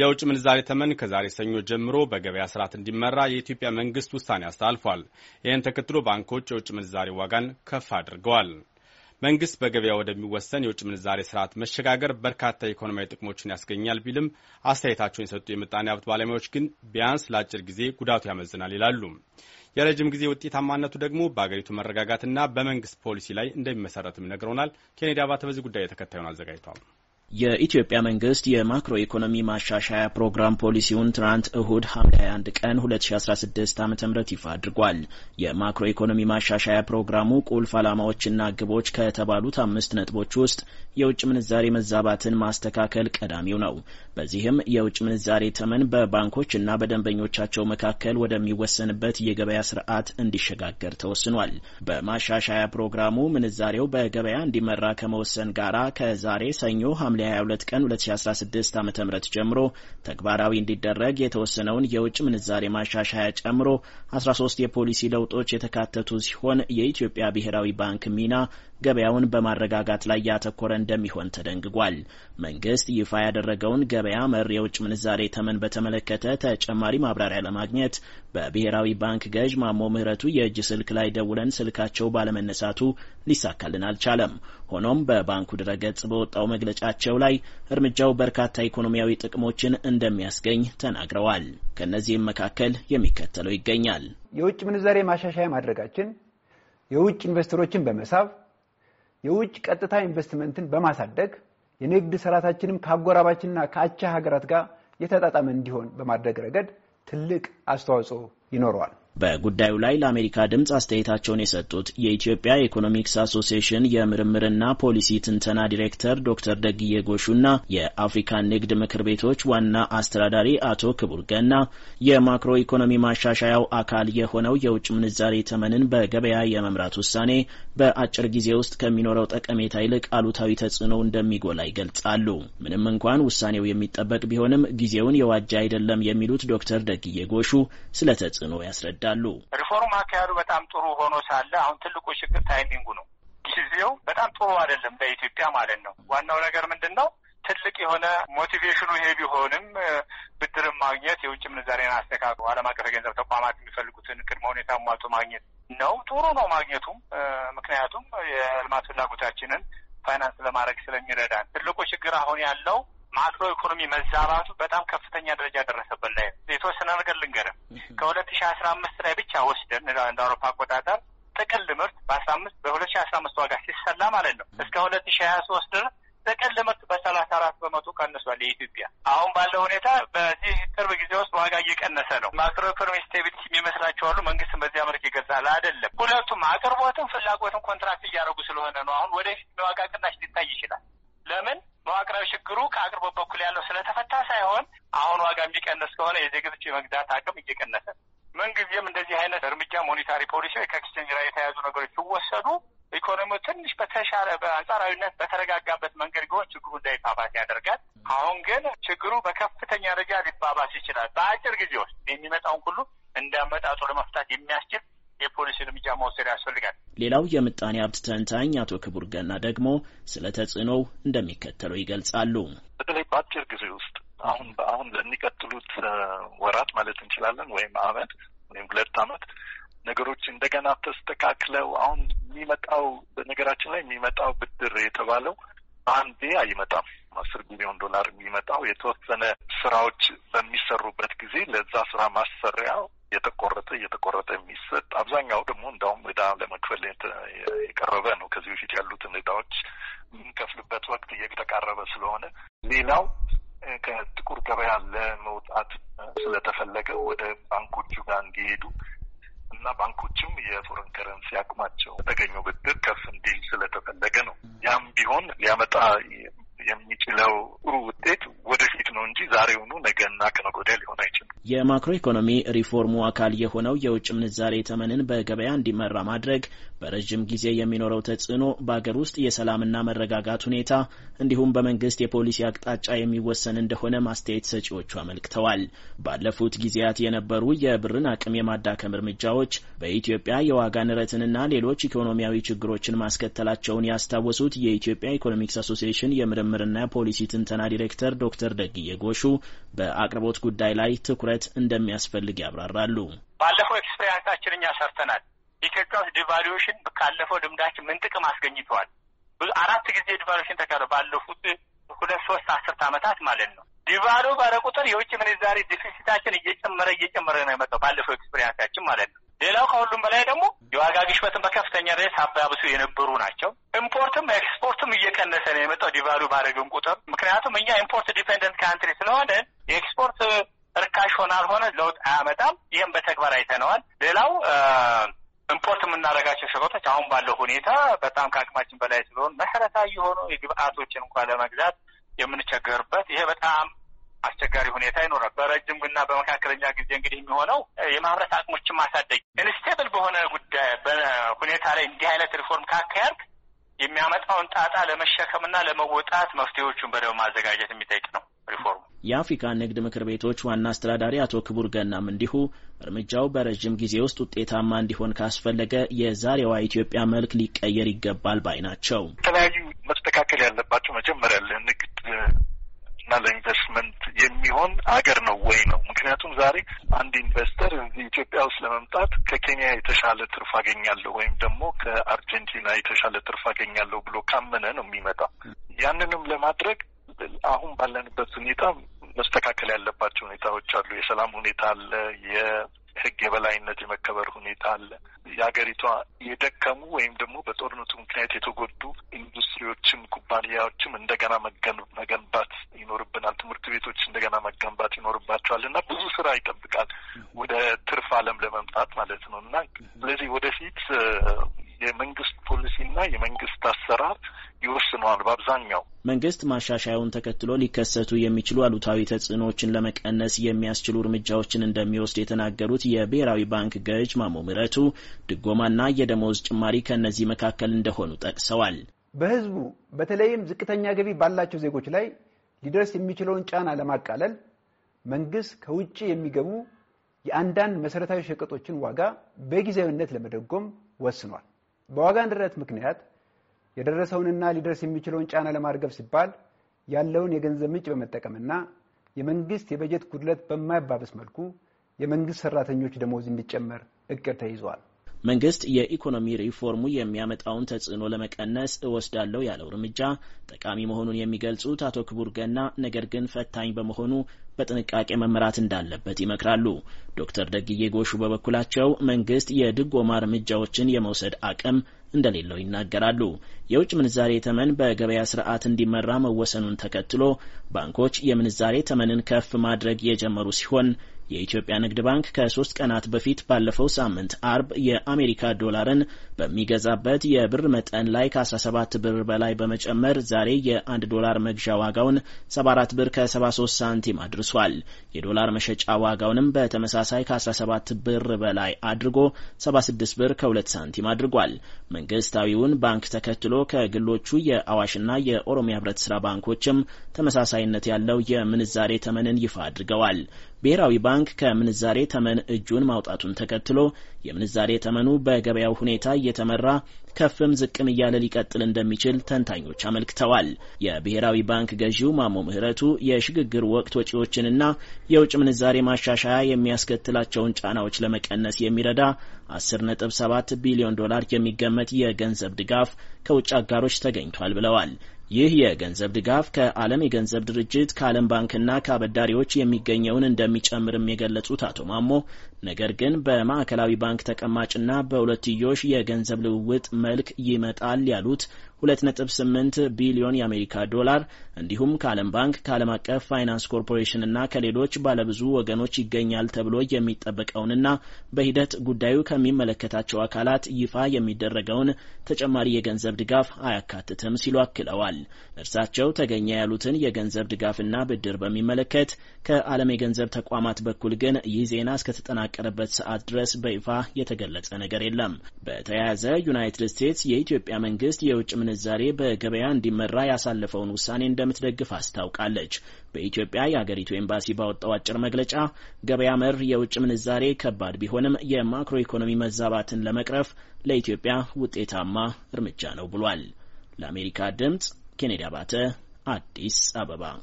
የውጭ ምንዛሬ ተመን ከዛሬ ሰኞ ጀምሮ በገበያ ስርዓት እንዲመራ የኢትዮጵያ መንግስት ውሳኔ አስተላልፏል። ይህን ተከትሎ ባንኮች የውጭ ምንዛሬ ዋጋን ከፍ አድርገዋል። መንግስት በገበያ ወደሚወሰን የውጭ ምንዛሬ ስርዓት መሸጋገር በርካታ የኢኮኖሚያዊ ጥቅሞችን ያስገኛል ቢልም አስተያየታቸውን የሰጡ የምጣኔ ሀብት ባለሙያዎች ግን ቢያንስ ለአጭር ጊዜ ጉዳቱ ያመዝናል ይላሉ። የረጅም ጊዜ ውጤታማነቱ ደግሞ በአገሪቱ መረጋጋትና በመንግስት ፖሊሲ ላይ እንደሚመሰረትም ይነግረውናል። ኬኔዲ አባተ በዚህ ጉዳይ የተከታዩን አዘጋጅቷል። የኢትዮጵያ መንግስት የማክሮ ኢኮኖሚ ማሻሻያ ፕሮግራም ፖሊሲውን ትናንት እሁድ ሐምሌ 21 ቀን 2016 ዓ ም ይፋ አድርጓል። የማክሮ ኢኮኖሚ ማሻሻያ ፕሮግራሙ ቁልፍ ዓላማዎችና ግቦች ከተባሉት አምስት ነጥቦች ውስጥ የውጭ ምንዛሬ መዛባትን ማስተካከል ቀዳሚው ነው። በዚህም የውጭ ምንዛሬ ተመን በባንኮችና በደንበኞቻቸው መካከል ወደሚወሰንበት የገበያ ስርዓት እንዲሸጋገር ተወስኗል። በማሻሻያ ፕሮግራሙ ምንዛሬው በገበያ እንዲመራ ከመወሰን ጋራ ከዛሬ ሰኞ ሐምሌ 22 ቀን 2016 ዓ ም ጀምሮ ተግባራዊ እንዲደረግ የተወሰነውን የውጭ ምንዛሬ ማሻሻያ ጨምሮ 13 የፖሊሲ ለውጦች የተካተቱ ሲሆን የኢትዮጵያ ብሔራዊ ባንክ ሚና ገበያውን በማረጋጋት ላይ ያተኮረ እንደሚሆን ተደንግጓል። መንግስት ይፋ ያደረገውን ገበያ መር የውጭ ምንዛሬ ተመን በተመለከተ ተጨማሪ ማብራሪያ ለማግኘት በብሔራዊ ባንክ ገዥ ማሞ ምህረቱ የእጅ ስልክ ላይ ደውለን ስልካቸው ባለመነሳቱ ሊሳካልን አልቻለም። ሆኖም በባንኩ ድረገጽ በወጣው መግለጫቸው ላይ እርምጃው በርካታ ኢኮኖሚያዊ ጥቅሞችን እንደሚያስገኝ ተናግረዋል። ከእነዚህም መካከል የሚከተለው ይገኛል። የውጭ ምንዛሬ ማሻሻያ ማድረጋችን የውጭ ኢንቨስተሮችን በመሳብ የውጭ ቀጥታ ኢንቨስትመንትን በማሳደግ የንግድ ስርዓታችንም ከአጎራባችንና ከአቻ ሀገራት ጋር የተጣጣመ እንዲሆን በማድረግ ረገድ ትልቅ አስተዋጽኦ ይኖረዋል። በጉዳዩ ላይ ለአሜሪካ ድምፅ አስተያየታቸውን የሰጡት የኢትዮጵያ ኢኮኖሚክስ አሶሲሽን የምርምርና ፖሊሲ ትንተና ዲሬክተር ዶክተር ደግዬ ጎሹና የአፍሪካ ንግድ ምክር ቤቶች ዋና አስተዳዳሪ አቶ ክቡር ገና የማክሮ ኢኮኖሚ ማሻሻያው አካል የሆነው የውጭ ምንዛሬ ተመንን በገበያ የመምራት ውሳኔ በአጭር ጊዜ ውስጥ ከሚኖረው ጠቀሜታ ይልቅ አሉታዊ ተጽዕኖ እንደሚጎላ ይገልጻሉ። ምንም እንኳን ውሳኔው የሚጠበቅ ቢሆንም ጊዜውን የዋጃ አይደለም የሚሉት ዶክተር ደግዬ ጎሹ ስለ ተጽዕኖ ያስረዳል ያስረዳሉ። ሪፎርም አካሄዱ በጣም ጥሩ ሆኖ ሳለ አሁን ትልቁ ችግር ታይሚንጉ ነው። ጊዜው በጣም ጥሩ አይደለም በኢትዮጵያ ማለት ነው። ዋናው ነገር ምንድን ነው? ትልቅ የሆነ ሞቲቬሽኑ ይሄ ቢሆንም ብድርን ማግኘት የውጭ ምንዛሬን አስተካክሎ ዓለም አቀፍ የገንዘብ ተቋማት የሚፈልጉትን ቅድመ ሁኔታ ሟልቶ ማግኘት ነው። ጥሩ ነው ማግኘቱም፣ ምክንያቱም የልማት ፍላጎታችንን ፋይናንስ ለማድረግ ስለሚረዳን። ትልቁ ችግር አሁን ያለው ማክሮ ኢኮኖሚ መዛባቱ በጣም ከፍተኛ ደረጃ ደረሰበት ላይ የተወሰነ ነገር ልንገርም ከሁለት ሺ አስራ አምስት ላይ ብቻ ወስደን እንደ አውሮፓ አቆጣጠር ጥቅል ምርት በአስራ አምስት በሁለት ሺ አስራ አምስት ዋጋ ሲሰላ ማለት ነው እስከ ሁለት ሺ ሀያ ሶስት ድረስ ጥቅል ምርት በሰላሳ አራት በመቶ ቀንሷል። የኢትዮጵያ አሁን ባለው ሁኔታ በዚህ ቅርብ ጊዜ ውስጥ ዋጋ እየቀነሰ ነው። ማክሮ ኢኮኖሚ ስቴቢሊቲ የሚመስላቸው አሉ። መንግስትም በዚያ መልክ ይገዛል አይደለም። ሁለቱም አቅርቦትም ፍላጎትም ኮንትራክት እያደረጉ ስለሆነ ነው። አሁን ወደፊት ዋጋ ቅናሽ ሊታይ ይችላል። ለምን መዋቅራዊ ችግሩ ከአቅርቦት በኩል ያለው ስለተፈታ ሳይሆን አሁን ዋጋ የሚቀንስ ከሆነ የዜጎች የመግዛት አቅም እየቀነሰ ምንጊዜም እንደዚህ አይነት እርምጃ ሞኒታሪ ፖሊሲ ወይ ከኤክስቼንጅ ጋር የተያዙ ነገሮች ሲወሰዱ ኢኮኖሚው ትንሽ በተሻለ በአንጻራዊነት በተረጋጋበት መንገድ ቢሆን ችግሩ እንዳይባባስ ያደርጋል። አሁን ግን ችግሩ በከፍተኛ ደረጃ ሊባባስ ይችላል። በአጭር ጊዜ ውስጥ የሚመጣውን ሁሉ እንዳመጣጡ ለመፍታት የሚያስችል የፖሊሲ እርምጃ መውሰድ ያስፈልጋል። ሌላው የምጣኔ ሀብት ተንታኝ አቶ ክቡር ገና ደግሞ ስለ ተጽዕኖው እንደሚከተለው ይገልጻሉ። በተለይ በአጭር ጊዜ ውስጥ አሁን በአሁን ለሚቀጥሉት ወራት ማለት እንችላለን ወይም አመት ወይም ሁለት አመት ነገሮች እንደገና ተስተካክለው አሁን የሚመጣው በነገራችን ላይ የሚመጣው ብድር የተባለው አንዴ አይመጣም። አስር ቢሊዮን ዶላር የሚመጣው የተወሰነ ስራዎች በሚሰሩበት ጊዜ ለዛ ስራ ማሰሪያው እየተቆረጠ እየተቆረጠ የሚሰጥ አብዛኛው ደግሞ እንዳውም ዕዳ ለመክፈል የቀረበ ነው። ከዚህ በፊት ያሉትን ዕዳዎች የምንከፍልበት ወቅት እየተቃረበ ስለሆነ ሌላው ከጥቁር ገበያ ለመውጣት ስለተፈለገ ወደ ባንኮቹ ጋር እንዲሄዱ እና ባንኮችም የፎረን ከረንሲ አቅማቸው ተገኘው የማክሮ ኢኮኖሚ ሪፎርሙ አካል የሆነው የውጭ ምንዛሬ ተመንን በገበያ እንዲመራ ማድረግ በረዥም ጊዜ የሚኖረው ተጽዕኖ በአገር ውስጥ የሰላምና መረጋጋት ሁኔታ እንዲሁም በመንግስት የፖሊሲ አቅጣጫ የሚወሰን እንደሆነ ማስተያየት ሰጪዎቹ አመልክተዋል። ባለፉት ጊዜያት የነበሩ የብርን አቅም የማዳከም እርምጃዎች በኢትዮጵያ የዋጋ ንረትንና ሌሎች ኢኮኖሚያዊ ችግሮችን ማስከተላቸውን ያስታወሱት የኢትዮጵያ ኢኮኖሚክስ አሶሲሽን የምርምርና ፖሊሲ ትንተና ዲሬክተር ዶክተር ደግዬ ጎሹ በአቅርቦት ጉዳይ ላይ ትኩረት ማየት እንደሚያስፈልግ ያብራራሉ። ባለፈው ኤክስፔሪንሳችን እኛ ሰርተናል። ኢትዮጵያ ውስጥ ዲቫሉዌሽን ካለፈው ልምዳችን ምን ጥቅም አስገኝተዋል? ብዙ አራት ጊዜ ዲቫሉዌሽን ተካሂዷል። ባለፉት ሁለት ሶስት አስርት ዓመታት ማለት ነው። ዲቫሉ ባለ ቁጥር የውጭ ምንዛሪ ዲፊሲታችን እየጨመረ እየጨመረ ነው የመጣው ባለፈው ኤክስፔሪንሳችን ማለት ነው። ሌላው ከሁሉም በላይ ደግሞ የዋጋ ግሽበትን በከፍተኛ ድረስ አባብሱ የነበሩ ናቸው። ኢምፖርትም ኤክስፖርትም እየቀነሰ ነው የመጣው ዲቫሉ ባደረግን ቁጥር። ምክንያቱም እኛ ኢምፖርት ዲፔንደንት ካንትሪ ስለሆነ የኤክስፖርት እርካሽ ሆነ አልሆነ ለውጥ አያመጣም። ይህም በተግባር አይተነዋል። ሌላው ኢምፖርት የምናደርጋቸው ሸቀጦች አሁን ባለው ሁኔታ በጣም ከአቅማችን በላይ ስለሆኑ መሰረታዊ የሆኑ የግብአቶችን እንኳ ለመግዛት የምንቸገርበት ይሄ በጣም አስቸጋሪ ሁኔታ ይኖራል። በረጅም እና በመካከለኛ ጊዜ እንግዲህ የሚሆነው የማምረት አቅሞችን ማሳደግ ኢንስቴብል በሆነ ጉዳይ በሁኔታ ላይ እንዲህ አይነት ሪፎርም ካካያርግ የሚያመጣውን ጣጣ ለመሸከምና ለመወጣት መፍትሄዎቹን በደንብ ማዘጋጀት የሚጠይቅ ነው ሪፎርሙ። የአፍሪካ ንግድ ምክር ቤቶች ዋና አስተዳዳሪ አቶ ክቡር ገናም እንዲሁ እርምጃው በረዥም ጊዜ ውስጥ ውጤታማ እንዲሆን ካስፈለገ የዛሬዋ ኢትዮጵያ መልክ ሊቀየር ይገባል ባይ ናቸው። የተለያዩ መስተካከል ያለባቸው መጀመሪያ ለንግድ እና ለኢንቨስትመንት የሚሆን አገር ነው ወይ ነው። ምክንያቱም ዛሬ አንድ ኢንቨስተር እዚህ ኢትዮጵያ ውስጥ ለመምጣት ከኬንያ የተሻለ ትርፍ አገኛለሁ ወይም ደግሞ ከአርጀንቲና የተሻለ ትርፍ አገኛለሁ ብሎ ካመነ ነው የሚመጣው። ያንንም ለማድረግ አሁን ባለንበት ሁኔታ መስተካከል ያለባቸው ሁኔታዎች አሉ። የሰላም ሁኔታ አለ። የህግ የበላይነት የመከበር ሁኔታ አለ። የሀገሪቷ የደከሙ ወይም ደግሞ በጦርነቱ ምክንያት የተጎዱ ኢንዱስትሪዎችም ኩባንያዎችም እንደገና መገንባት ይኖርብናል። ትምህርት ቤቶች እንደገና መገንባት ይኖርባቸዋል እና ብዙ ስራ ይጠብቃል ወደ ትርፍ አለም ለመምጣት ማለት ነው እና ስለዚህ ወደፊት የመንግስት ፖሊሲ እና የመንግስት መንግስት ማሻሻያውን ተከትሎ ሊከሰቱ የሚችሉ አሉታዊ ተጽዕኖዎችን ለመቀነስ የሚያስችሉ እርምጃዎችን እንደሚወስድ የተናገሩት የብሔራዊ ባንክ ገዥ ማሞ ድጎማና የደሞዝ ጭማሪ ከእነዚህ መካከል እንደሆኑ ጠቅሰዋል። በህዝቡ በተለይም ዝቅተኛ ገቢ ባላቸው ዜጎች ላይ ሊደርስ የሚችለውን ጫና ለማቃለል መንግስት ከውጭ የሚገቡ የአንዳንድ መሰረታዊ ሸቀጦችን ዋጋ በጊዜያዊነት ለመደጎም ወስኗል። በዋጋ ንረት ምክንያት የደረሰውንና ሊደርስ የሚችለውን ጫና ለማርገብ ሲባል ያለውን የገንዘብ ምንጭ በመጠቀምና የመንግስት የበጀት ጉድለት በማያባብስ መልኩ የመንግስት ሰራተኞች ደሞዝ እንዲጨመር እቅድ ተይዟል። መንግስት የኢኮኖሚ ሪፎርሙ የሚያመጣውን ተጽዕኖ ለመቀነስ እወስዳለሁ ያለው እርምጃ ጠቃሚ መሆኑን የሚገልጹት አቶ ክቡር ገና ነገር ግን ፈታኝ በመሆኑ በጥንቃቄ መመራት እንዳለበት ይመክራሉ። ዶክተር ደግዬ ጎሹ በበኩላቸው መንግስት የድጎማ እርምጃዎችን የመውሰድ አቅም እንደሌለው ይናገራሉ። የውጭ ምንዛሬ ተመን በገበያ ስርዓት እንዲመራ መወሰኑን ተከትሎ ባንኮች የምንዛሬ ተመንን ከፍ ማድረግ የጀመሩ ሲሆን የኢትዮጵያ ንግድ ባንክ ከሶስት ቀናት በፊት ባለፈው ሳምንት አርብ የአሜሪካ ዶላርን በሚገዛበት የብር መጠን ላይ ከ17 ብር በላይ በመጨመር ዛሬ የ1 ዶላር መግዣ ዋጋውን 74 ብር ከ73 ሳንቲም አድርሷል። የዶላር መሸጫ ዋጋውንም በተመሳሳይ ከ17 ብር በላይ አድርጎ 76 ብር ከ2 ሳንቲም አድርጓል። መንግስታዊውን ባንክ ተከትሎ ከግሎቹ የአዋሽና የኦሮሚያ ህብረት ስራ ባንኮችም ተመሳሳይነት ያለው የምንዛሬ ተመንን ይፋ አድርገዋል። ብሔራዊ ባንክ ከምንዛሬ ተመን እጁን ማውጣቱን ተከትሎ የምንዛሬ ተመኑ በገበያው ሁኔታ እየተመራ ከፍም ዝቅም እያለ ሊቀጥል እንደሚችል ተንታኞች አመልክተዋል። የብሔራዊ ባንክ ገዢው ማሞ ምህረቱ የሽግግር ወቅት ወጪዎችንና የውጭ ምንዛሬ ማሻሻያ የሚያስከትላቸውን ጫናዎች ለመቀነስ የሚረዳ 10.7 ቢሊዮን ዶላር የሚገመት የገንዘብ ድጋፍ ከውጭ አጋሮች ተገኝቷል ብለዋል። ይህ የገንዘብ ድጋፍ ከዓለም የገንዘብ ድርጅት ከዓለም ባንክና ከአበዳሪዎች የሚገኘውን እንደሚጨምርም የገለጹት አቶ ማሞ ነገር ግን በማዕከላዊ ባንክ ተቀማጭና በሁለትዮሽ የገንዘብ ልውውጥ መልክ ይመጣል ያሉት 2.8 ቢሊዮን የአሜሪካ ዶላር እንዲሁም ከዓለም ባንክ ከዓለም አቀፍ ፋይናንስ ኮርፖሬሽንና ከሌሎች ባለብዙ ወገኖች ይገኛል ተብሎ የሚጠበቀውንና በሂደት ጉዳዩ ከሚመለከታቸው አካላት ይፋ የሚደረገውን ተጨማሪ የገንዘብ ድጋፍ አያካትትም ሲሉ አክለዋል። እርሳቸው ተገኘ ያሉትን የገንዘብ ድጋፍና ብድር በሚመለከት ከዓለም የገንዘብ ተቋማት በኩል ግን ይህ ዜና እስከተጠናቀረበት ሰዓት ድረስ በይፋ የተገለጸ ነገር የለም። በተያያዘ ዩናይትድ ስቴትስ የኢትዮጵያ መንግስት የውጭ ምንዛሬ በገበያ እንዲመራ ያሳለፈውን ውሳኔ እንደምትደግፍ አስታውቃለች። በኢትዮጵያ የአገሪቱ ኤምባሲ ባወጣው አጭር መግለጫ ገበያ መር የውጭ ምንዛሬ ከባድ ቢሆንም የማክሮ ኢኮኖሚ መዛባትን ለመቅረፍ ለኢትዮጵያ ውጤታማ እርምጃ ነው ብሏል። ለአሜሪካ ድምጽ ኬኔዲ አባተ አዲስ አበባ